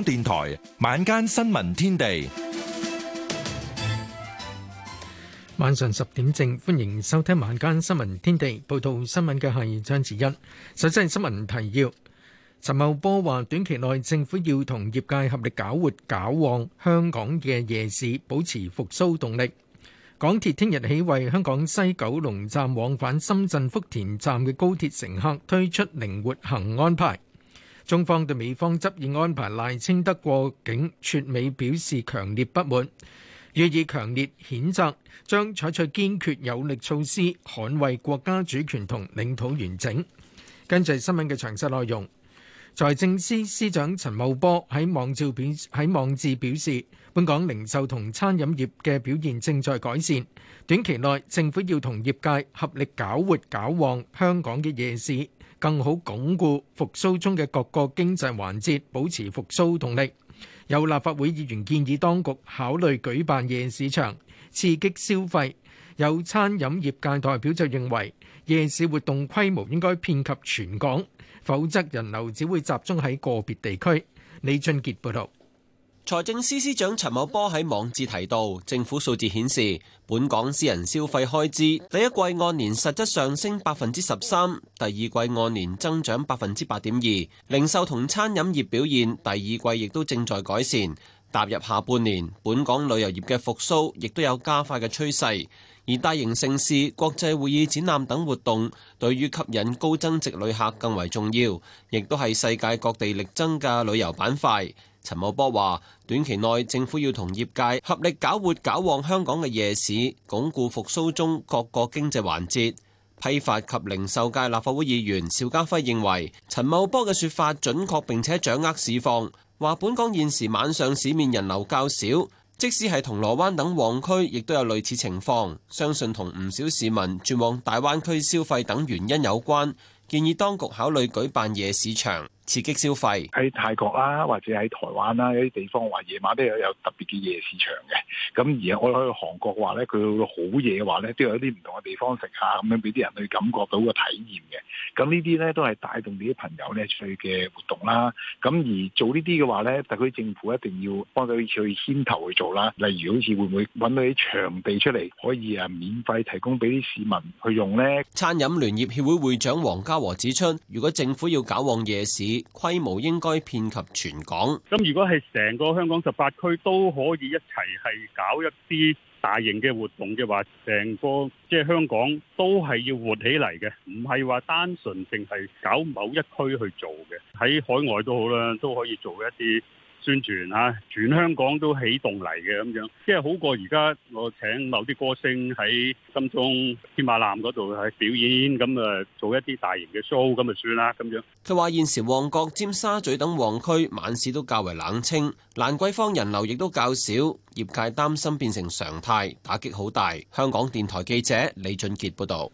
港電台晚間新聞天地，晚上十點正，歡迎收聽晚間新聞天地。報道新聞嘅係張子欣。首先係新聞提要：陳茂波話，短期內政府要同業界合力搞活、搞旺香港嘅夜市，保持復蘇動力。港鐵聽日起為香港西九龍站往返深圳福田站嘅高鐵乘客推出靈活行安排。中方對美方執意安排賴清德過境竄美表示強烈不滿，予以強烈譴責，將採取堅決有力措施捍衛國家主權同領土完整。跟住係新聞嘅詳細內容，財政司司長陳茂波喺網照表喺網誌表示，本港零售同餐飲業嘅表現正在改善，短期內政府要同業界合力搞活搞旺香港嘅夜市。更好鞏固復甦中嘅各個經濟環節，保持復甦動力。有立法會議員建議當局考慮舉辦夜市場，刺激消費。有餐飲業界代表就認為，夜市活動規模應該遍及全港，否則人流只會集中喺個別地區。李俊傑報道。財政司司長陳茂波喺網誌提到，政府數字顯示，本港私人消費開支第一季按年實質上升百分之十三，第二季按年增長百分之八點二。零售同餐飲業表現第二季亦都正在改善。踏入下半年，本港旅遊業嘅復甦亦都有加快嘅趨勢。而大型盛事、國際會議、展覽等活動，對於吸引高增值旅客更為重要，亦都係世界各地力爭嘅旅遊板塊。陳茂波話，短期內政府要同業界合力搞活搞旺香港嘅夜市，鞏固復蘇中各個經濟環節。批發及零售界立法會議員邵家輝認為陳茂波嘅說法準確並且掌握市況，話本港現時晚上市面人流較少，即使係銅鑼灣等旺區亦都有類似情況，相信同唔少市民轉往大灣區消費等原因有關，建議當局考慮舉辦夜市場。刺激消費喺泰國啦，或者喺台灣啦，有啲地方話夜晚都有有特別嘅夜市場嘅。咁而我去韓國話咧，佢好夜話咧，都有啲唔同嘅地方食下，咁樣俾啲人去感覺到個體驗嘅。咁呢啲咧都係帶動你啲朋友咧出去嘅活動啦。咁而做呢啲嘅話咧，特區政府一定要幫佢去牽頭去做啦。例如好似會唔會揾到啲場地出嚟，可以啊免費提供俾啲市民去用咧？餐飲聯業協會會長黃家和指出，如果政府要搞旺夜市，規模應該遍及全港。咁如果係成個香港十八區都可以一齊係搞一啲大型嘅活動嘅話，成個即係、就是、香港都係要活起嚟嘅，唔係話單純淨係搞某一區去做嘅。喺海外都好啦，都可以做一啲。宣傳啊，全香港都起動嚟嘅咁樣，即係好過而家我請某啲歌星喺金鐘天馬艦嗰度喺表演，咁誒做一啲大型嘅 show 咁就算啦咁樣。佢話：現時旺角、尖沙咀等旺區晚市都較為冷清，蘭桂坊人流亦都較少，業界擔心變成常態，打擊好大。香港電台記者李俊傑報導。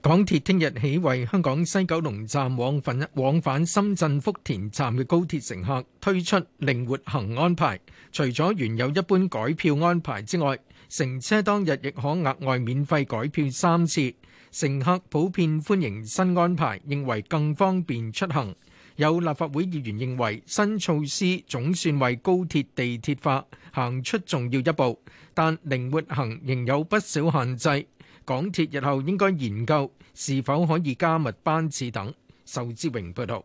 港鐵聽日起為香港西九龍站往返往返深圳福田站嘅高鐵乘客推出靈活行安排，除咗原有一般改票安排之外，乘車當日亦可額外免費改票三次。乘客普遍歡迎新安排，認為更方便出行。有立法會議員認為新措施總算為高鐵地鐵化行出重要一步，但靈活行仍有不少限制。港鐵日後應該研究是否可以加密班次等。仇志榮報導。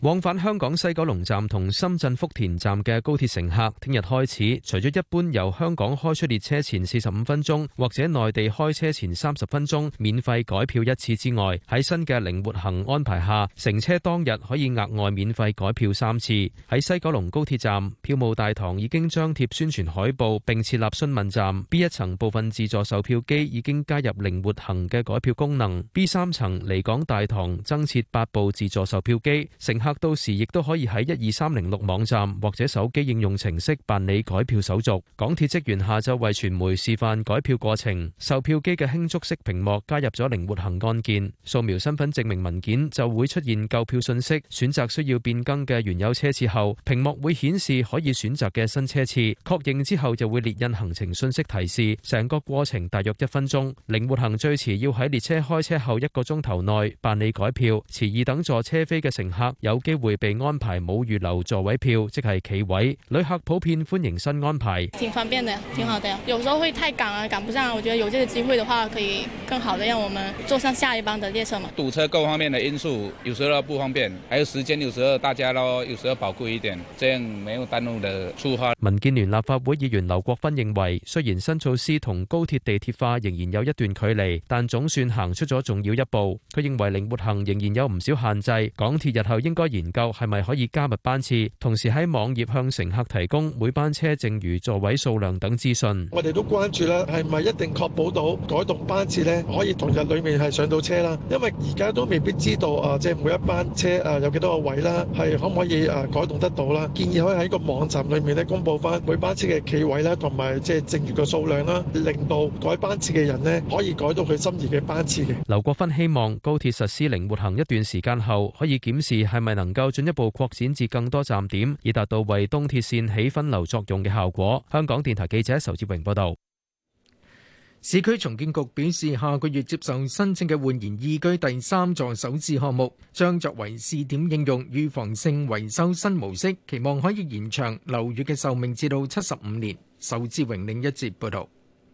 往返香港西九龍站同深圳福田站嘅高鐵乘客，聽日開始，除咗一般由香港開出列車前四十五分鐘或者內地開車前三十分鐘免費改票一次之外，喺新嘅靈活行安排下，乘車當日可以額外免費改票三次。喺西九龍高鐵站票務大堂已經張貼宣傳海報並設立詢問站。B 一層部分自助售票機已經加入靈活行嘅改票功能。B 三層離港大堂增設八部自助售票機乘客。客到時亦都可以喺一二三零六網站或者手機應用程式辦理改票手續。港鐵職員下晝為傳媒示範改票過程，售票機嘅輕觸式屏幕加入咗靈活行按鍵，掃描身份證明文件就會出現購票信息，選擇需要變更嘅原有車次後，屏幕會顯示可以選擇嘅新車次，確認之後就會列印行程信息提示。成個過程大約一分鐘。靈活行最遲要喺列車開車後一個鐘頭內辦理改票，遲二等座車飛嘅乘客有。有機會被安排冇預留座位票，即係企位。旅客普遍歡迎新安排。挺方便的，挺好的。有時候會太趕啊，趕不上。我覺得有這個機會的話，可以更好的讓我們坐上下一班的列車嘛。堵車各方面的因素，有時候不方便，還有時間，有時候大家咯，有時候寶貴一點，這樣沒有耽誤的出發。民建聯立法會議員劉國勳認為，雖然新措施同高鐵地鐵化仍然有一段距離，但總算行出咗重要一步。佢認為靈活行仍然有唔少限制，港鐵日後應該。研究係咪可以加密班次，同時喺網頁向乘客提供每班車剩餘座位數量等資訊。我哋都關注啦，係咪一定確保到改動班次呢，可以同日裏面係上到車啦？因為而家都未必知道啊，即係每一班車啊有幾多個位啦，係可唔可以啊改動得到啦？建議可以喺個網站裏面呢公布翻每班車嘅企位啦，同埋即係剩餘嘅數量啦，令到改班次嘅人呢可以改到佢心儀嘅班次嘅。劉國芬希望高鐵實施靈活行一段時間後，可以檢視係咪。能夠進一步擴展至更多站點，以達到為東鐵綫起分流作用嘅效果。香港電台記者仇志榮報道。市區重建局表示，下個月接受申請嘅煥然懿居第三座首次項目，將作為試點應用預防性維修新模式，期望可以延長樓宇嘅壽命至到七十五年。仇志榮另一節報道。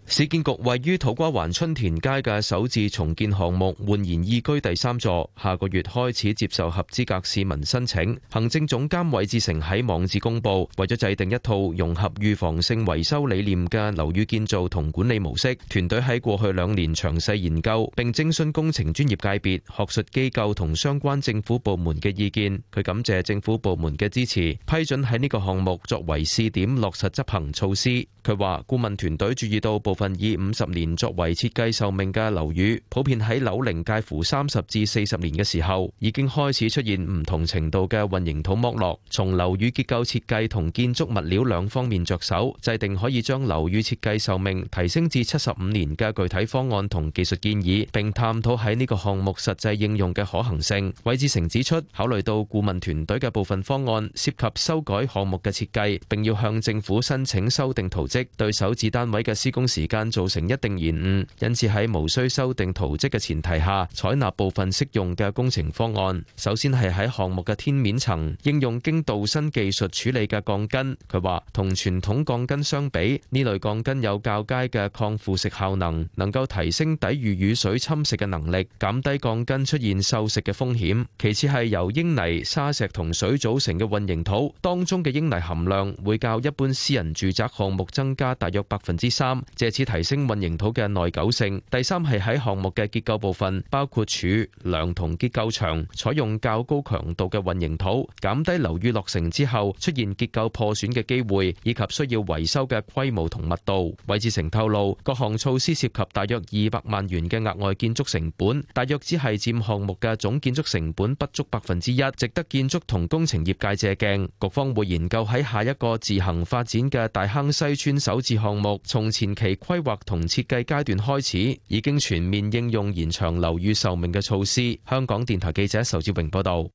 市建局位於土瓜灣春田街嘅首置重建項目煥然懿居第三座，下個月開始接受合資格市民申請。行政總監韋志成喺網誌公布，為咗制定一套融合預防性維修理念嘅樓宇建造同管理模式，團隊喺過去兩年詳細研究，並徵詢工程專業界別、學術機構同相關政府部門嘅意見。佢感謝政府部門嘅支持，批准喺呢個項目作為試點落實執行措施。佢話顧問團隊注意到部分。以五十年作為設計壽命嘅樓宇，普遍喺樓齡介乎三十至四十年嘅時候，已經開始出現唔同程度嘅混凝土剝落。從樓宇結構設計同建築物料兩方面着手，制定可以將樓宇設計壽命提升至七十五年嘅具體方案同技術建議，並探討喺呢個項目實際應用嘅可行性。韋志成指出，考慮到顧問團隊嘅部分方案涉及修改項目嘅設計，並要向政府申請修訂圖則，對首置單位嘅施工時。時間造成一定延誤，因此喺無需修訂圖則嘅前提下，採納部分適用嘅工程方案。首先係喺項目嘅天面層應用經鍍鋅技術處理嘅鋼筋。佢話同傳統鋼筋相比，呢類鋼筋有較佳嘅抗腐蝕效能，能夠提升抵禦雨水侵蝕嘅能力，減低鋼筋出現銹蝕嘅風險。其次係由英泥、砂石同水組成嘅混凝土當中嘅英泥含量會較一般私人住宅項目增加大約百分之三。借次提升混凝土嘅耐久性。第三係喺項目嘅結構部分，包括柱、樑同結構牆，採用較高強度嘅混凝土，減低樓宇落成之後出現結構破損嘅機會，以及需要維修嘅規模同密度。韋志成透露，各項措施涉及大約二百萬元嘅額外建築成本，大約只係佔項目嘅總建築成本不足百分之一，值得建築同工程業界借鏡。局方會研究喺下一個自行發展嘅大坑西村首置項目，從前期。規劃同設計階段開始，已經全面應用延長樓宇壽命嘅措施。香港電台記者仇志榮報道。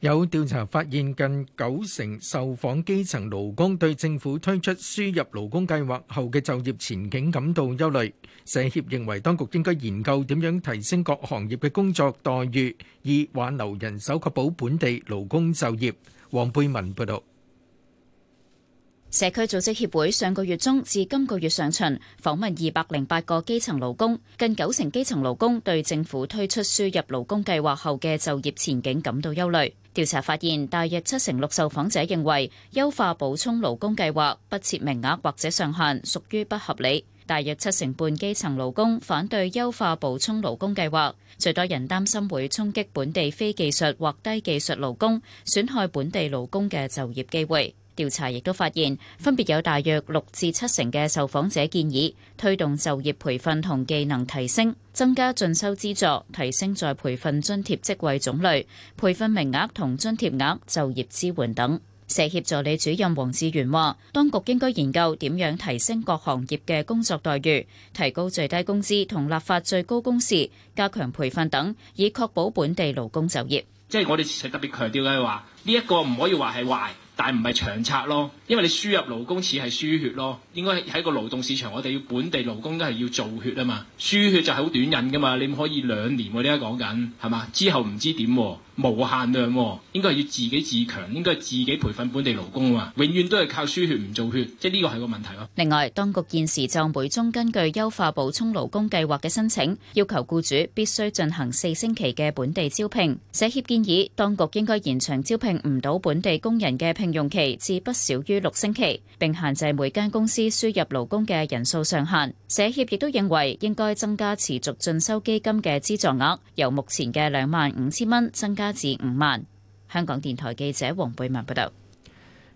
有調查發現，近九成受訪基層勞工對政府推出輸入勞工計劃後嘅就業前景感到憂慮。社協認為，當局應該研究點樣提升各行業嘅工作待遇，以挽留人手，確保本地勞工就業。黃貝文報道。社區組織協會上個月中至今個月上旬訪問二百零八個基層勞工，近九成基層勞工對政府推出輸入勞工計劃後嘅就業前景感到憂慮。調查發現，大約七成六受訪者認為優化補充勞工計劃不設名額或者上限屬於不合理。大約七成半基層勞工反對優化補充勞工計劃，最多人擔心會衝擊本地非技術或低技術勞工，損害本地勞工嘅就業機會。調查亦都發現，分別有大約六至七成嘅受訪者建議推動就業培訓同技能提升，增加進修資助，提升再培訓津貼職位種類、培訓名額同津貼額、就業支援等。社協助理主任黃志源話，當局應該研究點樣提升各行業嘅工作待遇，提高最低工資同立法最高工時，加強培訓等，以確保本地勞工就業。即係我哋其實特別強調嘅話，呢一個唔可以話係壞。但唔係長策咯。因為你輸入勞工似係輸血咯，應該喺個勞動市場，我哋要本地勞工都係要造血啊嘛。輸血就係好短癮㗎嘛，你唔可以兩年呢家講緊係嘛？之後唔知點、啊，無限量、啊，應該係要自己自強，應該自己培訓本地勞工啊嘛。永遠都係靠輸血唔造血，即係呢個係個問題咯、啊。另外，當局現時就每宗根據優化補充勞工計劃嘅申請，要求僱主必須進行四星期嘅本地招聘。社協建議當局應該延長招聘唔到本地工人嘅聘用期至不少於六星期，並限制每間公司輸入勞工嘅人數上限。社協亦都認為應該增加持續進修基金嘅資助額，由目前嘅兩萬五千蚊增加至五萬。香港電台記者黃貝文報道。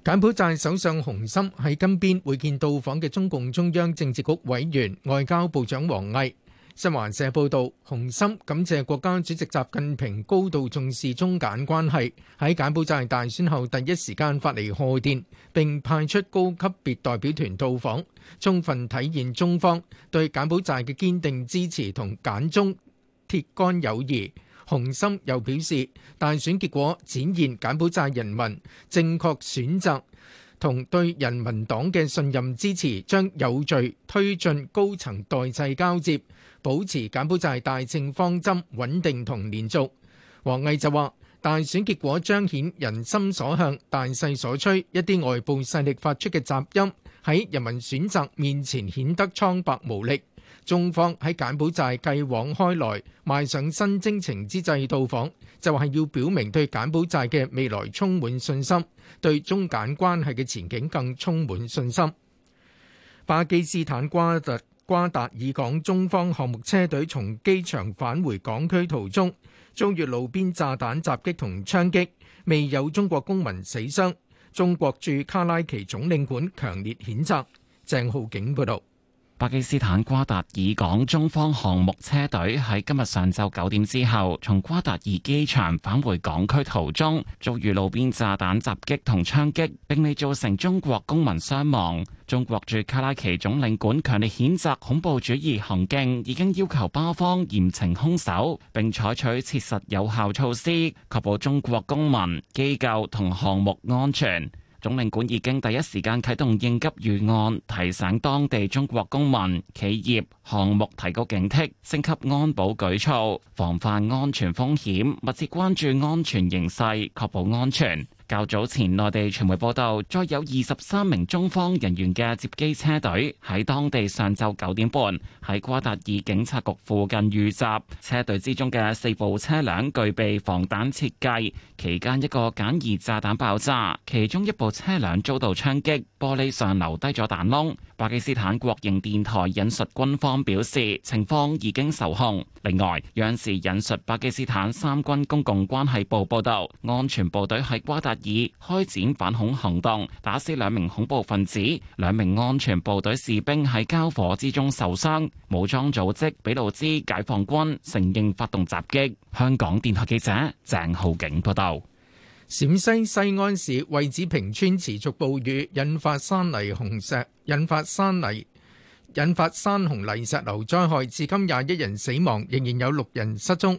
柬埔寨首相洪森喺金邊會見到訪嘅中共中央政治局委員、外交部長王毅。新華社報導，洪森感謝國家主席習近平高度重視中柬關係，喺柬埔寨大選後第一時間發嚟賀電，並派出高級別代表團到訪，充分體現中方對柬埔寨嘅堅定支持同柬中鐵桿友誼。洪森又表示，大選結果展現柬埔寨人民正確選擇同對人民黨嘅信任支持，將有序推進高層代際交接，保持柬埔寨大政方針穩定同連續，王毅就話大選結果彰顯人心所向、大勢所趨，一啲外部勢力發出嘅雜音喺人民選擇面前顯得蒼白無力。中方喺柬埔寨繼往開來邁上新征程之際到訪，就係要表明對柬埔寨嘅未來充滿信心，對中柬關係嘅前景更充滿信心。巴基斯坦瓜特。瓜達爾港中方項目車隊從機場返回港區途中遭遇路邊炸彈襲擊同槍擊，未有中國公民死傷，中國駐卡拉奇總領館強烈譴責，鄭浩景報道。巴基斯坦瓜達爾港中方項目車隊喺今日上晝九點之後，從瓜達爾機場返回港區途中，遭遇路邊炸彈襲擊同槍擊，並未造成中國公民傷亡。中國駐卡拉奇總領館強烈譴責恐怖主義行徑，已經要求巴方嚴懲兇手，並採取切實有效措施，確保中國公民、機構同項目安全。總領館已經第一時間啟動應急預案，提醒當地中國公民、企業、項目提高警惕，升級安保舉措，防範安全風險，密切關注安全形勢，確保安全。較早前，內地傳媒報道，再有二十三名中方人員嘅接機車隊喺當地上晝九點半喺瓜達爾警察局附近遇襲，車隊之中嘅四部車輛具備防彈設計，期間一個簡易炸彈爆炸，其中一部車輛遭到槍擊，玻璃上留低咗彈窿。巴基斯坦國營電台引述軍方表示，情況已經受控。另外，央視引述巴基斯坦三軍公共關係部報導，安全部隊喺瓜達爾，以開展反恐行動，打死兩名恐怖分子，兩名安全部隊士兵喺交火之中受傷。武裝組織俾路支解放軍承認發動襲擊。香港電台記者鄭浩景報道：陝西西安市惠子平村持續暴雨，引發山泥洪石，引發山泥引發山洪泥，泥，泥石流災害，至今廿一人死亡，仍然有六人失蹤。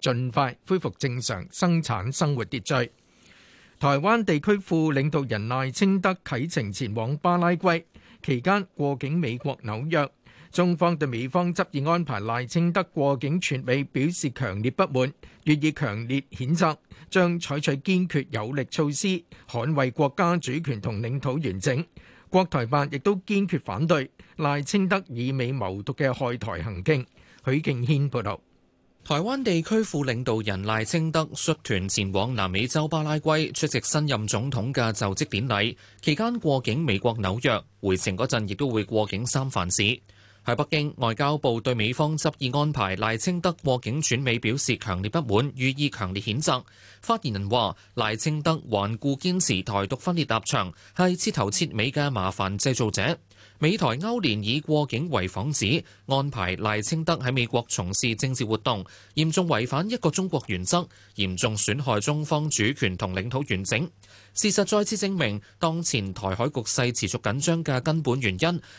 盡快恢復正常生產生活秩序。台灣地區副領導人賴清德啟程前往巴拉圭，期間過境美國紐約。中方對美方執意安排賴清德過境全美表示強烈不滿，予以強烈譴責，將採取堅決有力措施捍衛國家主權同領土完整。國台辦亦都堅決反對賴清德以美謀獨嘅害台行徑。許敬軒報導。台灣地區副領導人賴清德率團前往南美洲巴拉圭出席新任總統嘅就職典禮，期間過境美國紐約，回程嗰陣亦都會過境三藩市。喺北京，外交部對美方執意安排賴清德過境竄美表示強烈不滿，予以強烈譴責。發言人話：賴清德頑固堅持台獨分裂立，立場，係徹頭徹尾嘅麻煩製造者。美台勾連以過境為幌子，安排賴清德喺美國從事政治活動，嚴重違反一個中國原則，嚴重損害中方主權同領土完整。事實再次證明，當前台海局勢持續緊張嘅根本原因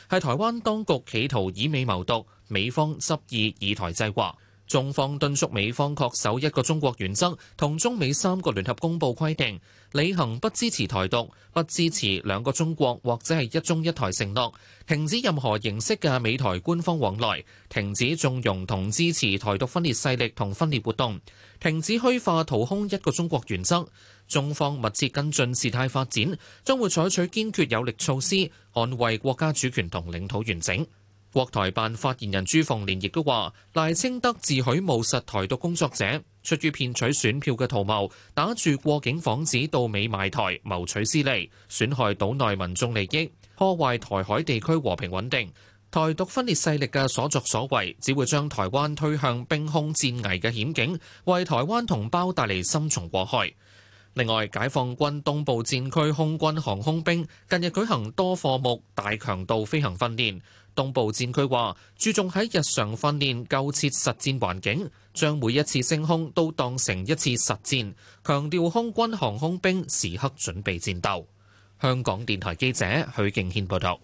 係台灣當局企圖以美謀獨，美方執意以台制華。中方敦促美方恪守一個中國原則同中美三個聯合公報規定，履行不支持台獨、不支持兩個中國或者係一中一台承諾，停止任何形式嘅美台官方往來，停止縱容同支持台獨分裂勢力同分裂活動，停止虛化掏空一個中國原則。中方密切跟進事態發展，將會採取堅決有力措施，捍衛國家主權同領土完整。國台辦發言人朱鳳蓮亦都話：賴清德自詡務實，台獨工作者出於騙取選票嘅圖謀，打住過境幌子到美賣台，謀取私利，損害島內民眾利益，破壞台海地區和平穩定。台獨分裂勢力嘅所作所為，只會將台灣推向兵凶戰危嘅險境，為台灣同胞帶嚟深重禍害。另外，解放軍東部戰區空軍航空兵近日舉行多課目大強度飛行訓練。東部戰區話，注重喺日常訓練、構設實戰環境，將每一次升空都當成一次實戰，強調空軍航空兵時刻準備戰鬥。香港電台記者許敬軒報道。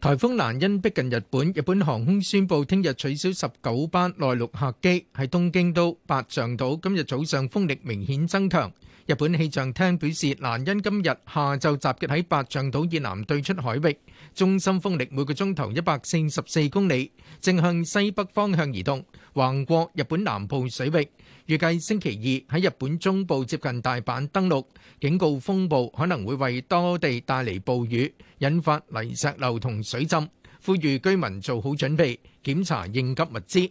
颱風蘭因逼近日本，日本航空宣布聽日取消十九班內陸客機。喺東京都、八丈島，今日早上風力明顯增強。日本氣象廳表示，蘭恩今日下晝集結喺八丈島以南對出海域，中心風力每個鐘頭一百四十四公里，正向西北方向移動，橫過日本南部水域。預計星期二喺日本中部接近大阪登陸，警告風暴可能會為多地帶嚟暴雨，引發泥石流同水浸，呼籲居民做好準備，檢查應急物資。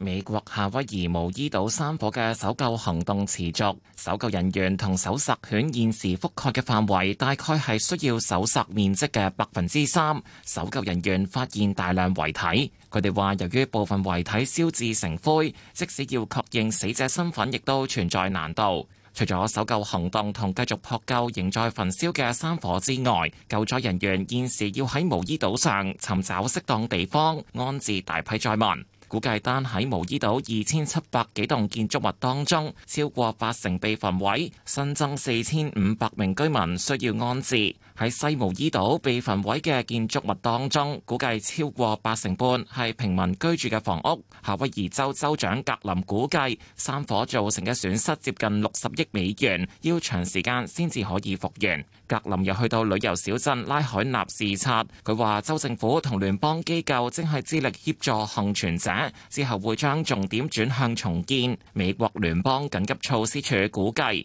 美國夏威夷毛伊島山火嘅搜救行動持續，搜救人員同搜索犬現時覆蓋嘅範圍大概係需要搜索面積嘅百分之三。搜救人員發現大量遺體，佢哋話由於部分遺體燒至成灰，即使要確認死者身份，亦都存在難度。除咗搜救行動同繼續撲救仍在焚燒嘅山火之外，救災人員現時要喺毛伊島上尋找適當地方安置大批災民。估計單喺毛伊島二千七百幾棟建築物當中，超過八成被焚毀，新增四千五百名居民需要安置。喺西毛伊島被焚毀嘅建築物當中，估計超過八成半係平民居住嘅房屋。夏威夷州州，州長格林估計，山火造成嘅損失接近六十億美元，要長時間先至可以復原。格林又去到旅遊小鎮拉海納視察，佢話州政府同聯邦機構正係致力協助幸存者，之後會將重點轉向重建。美國聯邦緊急措施處估計，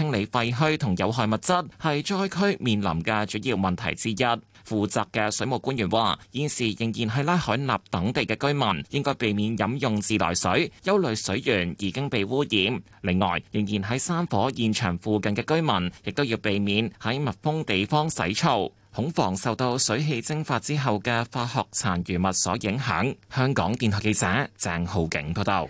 清理廢墟同有害物質係災區面臨嘅主要問題之一。負責嘅水務官員話：現時仍然喺拉海納等地嘅居民應該避免飲用自來水，憂慮水源已經被污染。另外，仍然喺山火現場附近嘅居民亦都要避免喺密封地方洗澡，恐防受到水汽蒸發之後嘅化學殘餘物所影響。香港電台記者鄭浩景報道。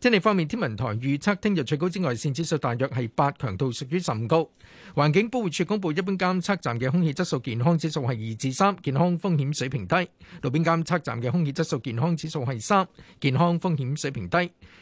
天氣方面，天文台預測聽日最高紫外線指數大約係八強度，屬於甚高。環境保護署公布一般監測站嘅空氣質素健康指數係二至三，健康風險水平低；路邊監測站嘅空氣質素健康指數係三，健康風險水平低。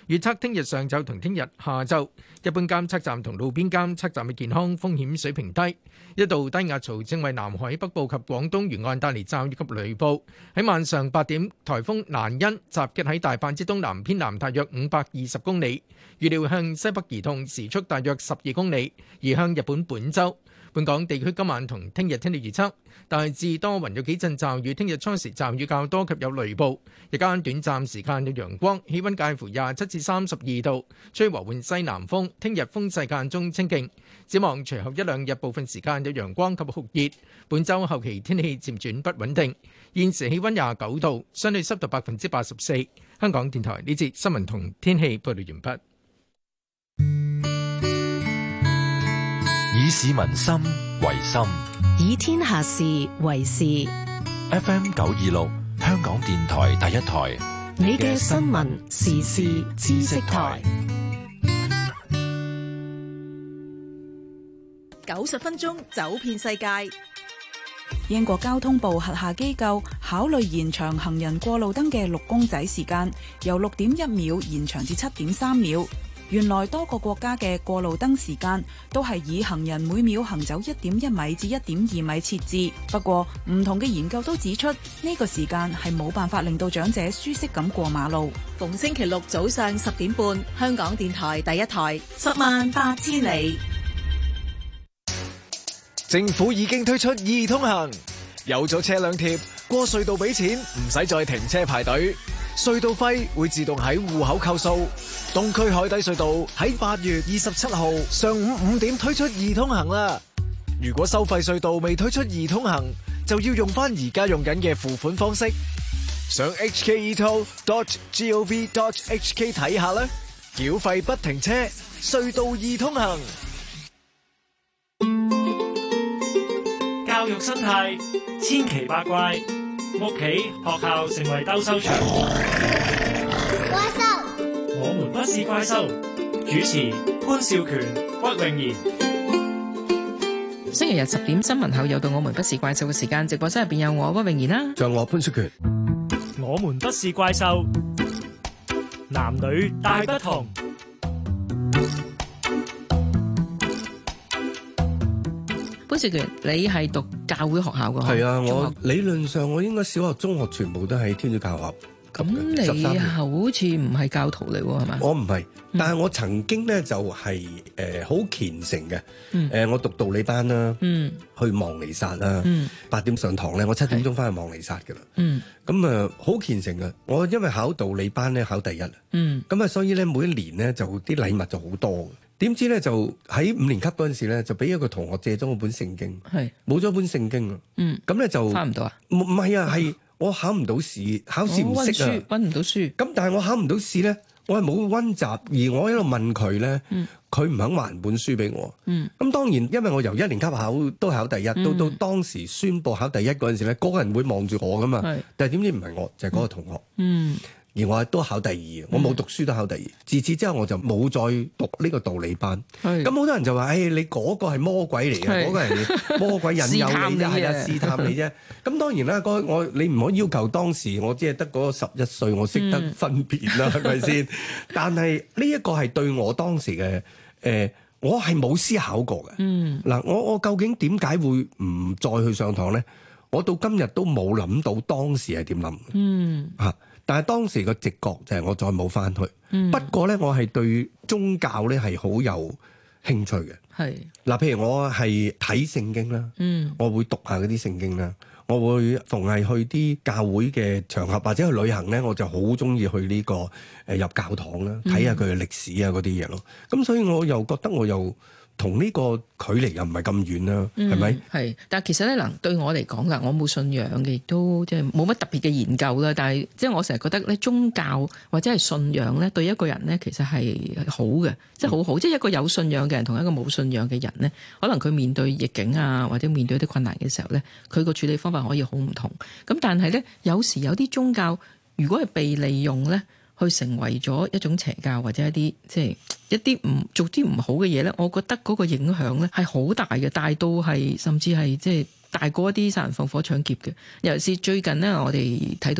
預測聽日上晝同聽日下晝，一般監測站同路邊監測站嘅健康風險水平低。一度低壓槽正為南海北部及廣東沿岸帶嚟驟雨及雷暴。喺晚上八點，颱風蘭恩襲擊喺大阪之東南偏南，大約五百。二十公里，預料向西北移動，時速大約十二公里，移向日本本州。本港地區今晚同聽日天氣預測大致多雲有幾陣驟雨，聽日初時驟雨較多及有雷暴，日間短暫時間有陽光，氣温介乎廿七至三十二度，吹和緩西南風，聽日風勢間中清勁。展望隨後一兩日部分時間有陽光及酷熱，本周後期天氣漸轉不穩定。現時氣温廿九度，相對濕度百分之八十四。香港電台呢節新聞同天氣報道完畢。以市民心為心，以天下事為事。FM 九二六，香港電台第一台，你嘅新聞時事知識台。九十分鐘走遍世界。英國交通部轄下機構考慮延長行人過路燈嘅綠公仔時間，由六點一秒延長至七點三秒。原來多個國家嘅過路燈時間都係以行人每秒行走一點一米至一點二米設置，不過唔同嘅研究都指出呢個時間係冇辦法令到長者舒適咁過馬路。逢星期六早上十點半，香港電台第一台，十萬八千里。政府已經推出易通行，有咗車輛貼，過隧道俾錢，唔使再停車排隊。隧道費會自動喺戶口扣數。東區海底隧道喺八月二十七號上午五點推出二通行啦。如果收費隧道未推出二通行，就要用返而家用緊嘅付款方式。上 hketoll.gov.hk 睇下啦。繳費不停車，隧道二通行。教育生態千奇百怪。屋企、學校成為鬥獸場。怪獸，我們不是怪獸。主持潘少權，屈穎妍。星期日十點新聞後又到我們不是怪獸嘅時間，直播室入邊有我屈穎妍啦。像我潘少權，我們不是怪獸，男女大不同。潘少權，你係讀？教會學校噶係啊！我理論上我應該小學、中學全部都喺天主教學校。咁樣你年好似唔係教徒嚟喎，係嘛？我唔係，但係我曾經咧就係誒好虔誠嘅。誒、呃嗯呃，我讀道理班啦，嗯、去望嚟殺望彌撒啦。八、嗯、點上堂咧，我七點鐘翻去望彌撒㗎啦。咁啊是，好虔誠嘅。我因為考道理班咧考第一啦。咁啊、嗯，所以咧每一年咧就啲禮物理就好多。點知咧就喺五年級嗰陣時咧，就俾一個同學借咗我本聖經，係冇咗本聖經啊。嗯，咁咧就差唔多啊。唔係啊，係我考唔到試，考試唔識啊，溫唔到書。咁但係我考唔到試咧，我係冇溫習，而我喺度問佢咧，佢唔肯還本書俾我。嗯，咁當然，因為我由一年級考都考第一，到到當時宣布考第一嗰陣時咧，嗰個人會望住我噶嘛。但係點知唔係我，就係、是、嗰個同學。嗯。嗯而我都考第二，我冇讀書都考第二。自此之後，我就冇再讀呢個道理班。咁好是多人就話，哎、欸，你嗰個係魔鬼嚟嘅，嗰是個人魔鬼引誘你啫，係啊， 試探你啫。咁 當然啦、嗰個，我你唔好要，要求當時我只係得嗰個十一歲，我識得分辨啦，係咪先？但係呢一個係對我當時嘅，誒、呃，我係冇思考過嘅。嗯，嗱，我我究竟點解會唔再去上堂咧？我到今日都冇諗到當時係點諗。嗯，啊。 但係當時個直覺就係我再冇返去。嗯、不過咧，我係對宗教咧係好有興趣嘅。係嗱是、啊，譬如我係睇聖經啦，嗯、我會讀下嗰啲聖經啦。我會逢係去啲教會嘅場合或者去旅行咧，我就好鍾意去呢、這個誒、呃、入教堂啦，睇下佢嘅歷史啊嗰啲嘢咯。咁、嗯、所以我又覺得我又。同呢個距離又唔係咁遠啦，係咪、嗯？係，但係其實咧，嗱，對我嚟講啦，我冇信仰嘅，亦都即係冇乜特別嘅研究啦。但係即係我成日覺得咧，宗教或者係信仰咧，對一個人咧，其實係好嘅，即係好好。嗯、即係一個有信仰嘅人，同一個冇信仰嘅人咧，可能佢面對逆境啊，或者面對一啲困難嘅時候咧，佢個處理方法可以好唔同。咁但係咧，有時有啲宗教如果係被利用咧。去成為咗一種邪教或者一啲即係一啲唔做啲唔好嘅嘢咧，我覺得嗰個影響咧係好大嘅，大到係甚至係即係大過一啲殺人放火搶劫嘅。尤其是最近咧，我哋睇。